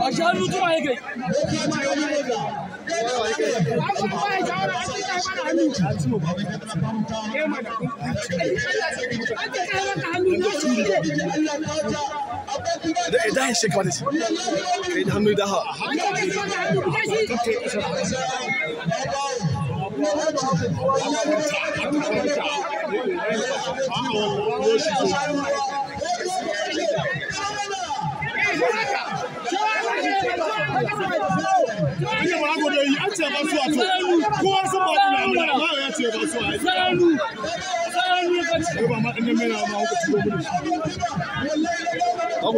Aşağı lütfen ayak gel. Daha şey kapatız. Hangi daha? Hangi daha? Iya ba ku da yi an ce ba su a to. Kowa sun ba ku da amma ba ya ce ba su a yi. Ba ma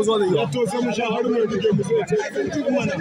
ma mu sha har mu dike mu sai kuma na.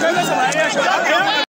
真的是来越